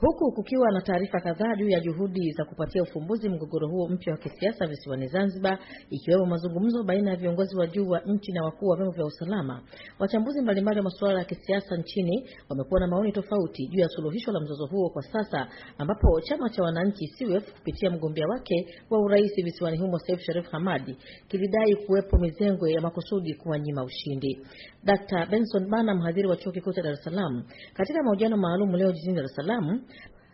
huku kukiwa na taarifa kadhaa juu ya juhudi za kupatia ufumbuzi mgogoro huo mpya wa kisiasa visiwani Zanzibar, ikiwemo mazungumzo baina ya viongozi wa juu wa nchi na wakuu wa vyombo vya usalama. Wachambuzi mbalimbali wa masuala ya kisiasa nchini wamekuwa na maoni tofauti juu ya suluhisho la mzozo huo kwa sasa, ambapo chama cha wananchi CUF kupitia mgombea wake wa urais visiwani humo Saif Sharif Hamadi kilidai kuwepo mizengwe ya makusudi kuwanyima ushindi. Dr. Benson Bana, mhadhiri wa chuo kikuu cha Dar es Salaam, katika mahojiano maalum leo jijini Dar es Salaam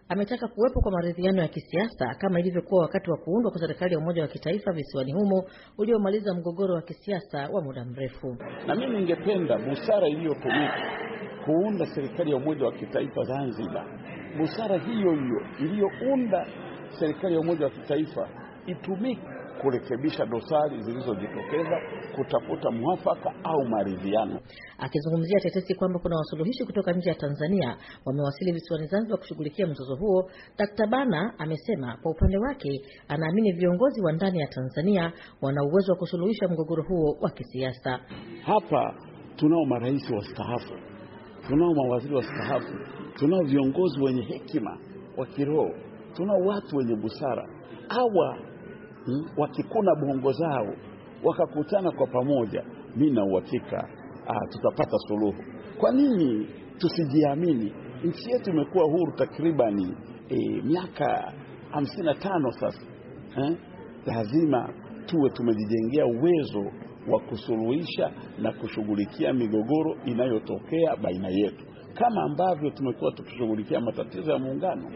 Ametaka kuwepo kwa maridhiano ya kisiasa kama ilivyokuwa wakati wa kuundwa kwa serikali ya umoja wa kitaifa visiwani humo uliomaliza mgogoro wa kisiasa wa muda mrefu. Na mimi ningependa busara iliyotumika kuunda serikali ya umoja wa kitaifa Zanzibar, busara hiyo hiyo iliyounda serikali ya umoja wa kitaifa itumike kurekebisha dosari zilizojitokeza, kutafuta mwafaka au maridhiano. Akizungumzia tetesi kwamba kuna wasuluhishi kutoka nje ya Tanzania wamewasili visiwani Zanzibar kushughulikia mzozo huo, Dkt. Bana amesema kwa upande wake anaamini viongozi wa ndani ya Tanzania wana uwezo wa kusuluhisha mgogoro huo wa kisiasa. Hapa tunao marais wastaafu, tunao mawaziri wastaafu, tunao viongozi wenye hekima wa kiroho, tunao watu wenye busara. Hawa hmm? wakikuna bongo zao wakakutana kwa pamoja, mimi na uhakika ah, tutapata suluhu. Kwa nini tusijiamini? Nchi yetu imekuwa huru takribani e, miaka hamsini na tano sasa eh? Lazima tuwe tumejijengea uwezo wa kusuluhisha na kushughulikia migogoro inayotokea baina yetu, kama ambavyo tumekuwa tukishughulikia matatizo ya muungano.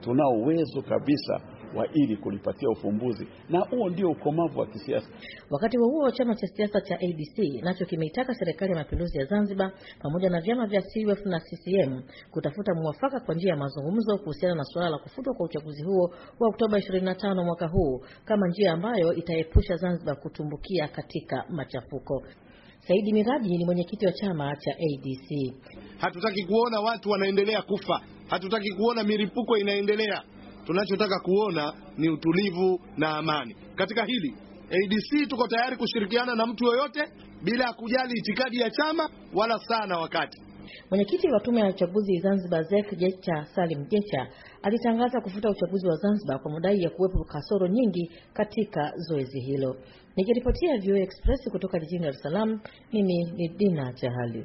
Tunao uwezo kabisa wa ili kulipatia ufumbuzi, na huo ndio ukomavu wa kisiasa. Wakati wa huo chama cha siasa cha adc nacho kimeitaka serikali ya mapinduzi ya Zanzibar pamoja na vyama vya CUF na CCM kutafuta mwafaka kwa njia ya mazungumzo kuhusiana na suala la kufutwa kwa uchaguzi huo wa Oktoba 25 mwaka huu kama njia ambayo itaepusha Zanzibar kutumbukia katika machafuko. Saidi Miraji ni mwenyekiti wa chama cha ADC. Hatutaki kuona watu wanaendelea kufa, hatutaki kuona milipuko inaendelea tunachotaka kuona ni utulivu na amani. Katika hili ADC tuko tayari kushirikiana na mtu yoyote bila ya kujali itikadi ya chama wala saa na wakati. Mwenyekiti wa Tume ya Uchaguzi Zanzibar zek Jecha Salim Jecha alitangaza kufuta uchaguzi wa Zanzibar kwa madai ya kuwepo kasoro nyingi katika zoezi hilo. Nikiripotia VOA Express kutoka jijini Dar es Salaam, mimi ni Dina Chahali.